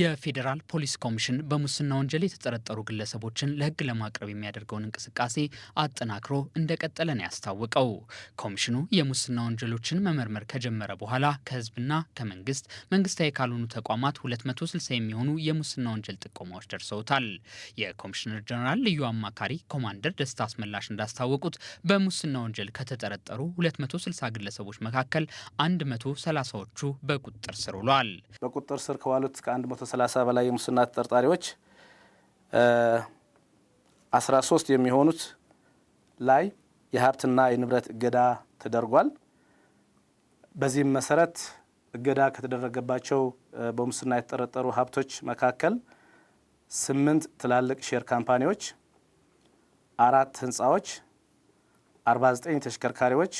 የፌዴራል ፖሊስ ኮሚሽን በሙስና ወንጀል የተጠረጠሩ ግለሰቦችን ለሕግ ለማቅረብ የሚያደርገውን እንቅስቃሴ አጠናክሮ እንደቀጠለ ነው ያስታወቀው። ኮሚሽኑ የሙስና ወንጀሎችን መመርመር ከጀመረ በኋላ ከሕዝብና ከመንግስት መንግስታዊ ካልሆኑ ተቋማት 260 የሚሆኑ የሙስና ወንጀል ጥቆማዎች ደርሰውታል። የኮሚሽነር ጀነራል ልዩ አማካሪ ኮማንደር ደስታ አስመላሽ እንዳስታወቁት በሙስና ወንጀል ከተጠረጠሩ 260 ግለሰቦች መካከል 130ዎቹ በቁጥጥር ስር ውሏል። በቁጥጥር ስር ከዋሉት ከሰላሳ በላይ የሙስና ተጠርጣሪዎች ሶስት የሚሆኑት ላይ የሀብትና የንብረት እገዳ ተደርጓል። በዚህም መሰረት እገዳ ከተደረገባቸው በሙስና የተጠረጠሩ ሀብቶች መካከል ስምንት ትላልቅ ሼር ካምፓኒዎች፣ አራት ህንፃዎች፣ 49 ተሽከርካሪዎች፣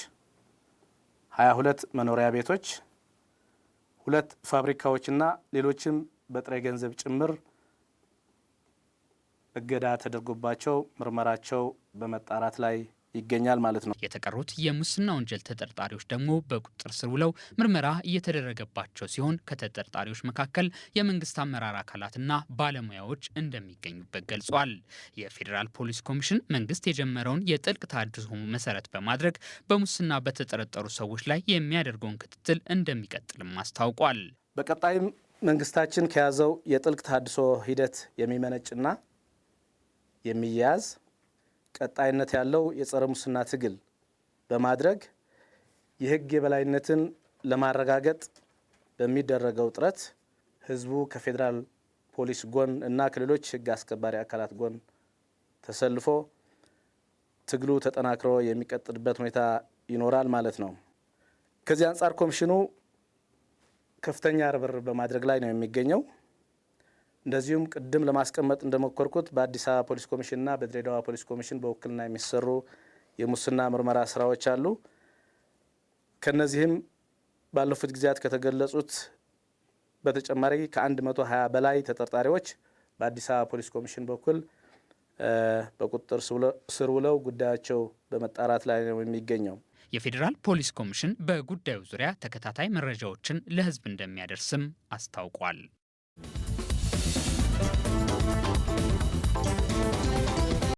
22 መኖሪያ ቤቶች፣ ሁለት ፋብሪካዎችና ሌሎችም በጥሬ ገንዘብ ጭምር እገዳ ተደርጎባቸው ምርመራቸው በመጣራት ላይ ይገኛል ማለት ነው። የተቀሩት የሙስና ወንጀል ተጠርጣሪዎች ደግሞ በቁጥጥር ስር ውለው ምርመራ እየተደረገባቸው ሲሆን ከተጠርጣሪዎች መካከል የመንግስት አመራር አካላትና ባለሙያዎች እንደሚገኙበት ገልጿል። የፌዴራል ፖሊስ ኮሚሽን መንግስት የጀመረውን የጥልቅ ተሃድሶ መሰረት በማድረግ በሙስና በተጠረጠሩ ሰዎች ላይ የሚያደርገውን ክትትል እንደሚቀጥልም አስታውቋል። በቀጣይም መንግስታችን ከያዘው የጥልቅ ተሃድሶ ሂደት የሚመነጭና የሚያያዝ ቀጣይነት ያለው የጸረ ሙስና ትግል በማድረግ የህግ የበላይነትን ለማረጋገጥ በሚደረገው ጥረት ህዝቡ ከፌዴራል ፖሊስ ጎን እና ከሌሎች ህግ አስከባሪ አካላት ጎን ተሰልፎ ትግሉ ተጠናክሮ የሚቀጥልበት ሁኔታ ይኖራል ማለት ነው። ከዚህ አንጻር ኮሚሽኑ ከፍተኛ ርብር በማድረግ ላይ ነው የሚገኘው። እንደዚሁም ቅድም ለማስቀመጥ እንደሞከርኩት በአዲስ አበባ ፖሊስ ኮሚሽንና በድሬዳዋ ፖሊስ ኮሚሽን በውክልና የሚሰሩ የሙስና ምርመራ ስራዎች አሉ። ከነዚህም ባለፉት ጊዜያት ከተገለጹት በተጨማሪ ከ120 በላይ ተጠርጣሪዎች በአዲስ አበባ ፖሊስ ኮሚሽን በኩል በቁጥጥር ስር ውለው ጉዳያቸው በመጣራት ላይ ነው የሚገኘው። የፌዴራል ፖሊስ ኮሚሽን በጉዳዩ ዙሪያ ተከታታይ መረጃዎችን ለሕዝብ እንደሚያደርስም አስታውቋል።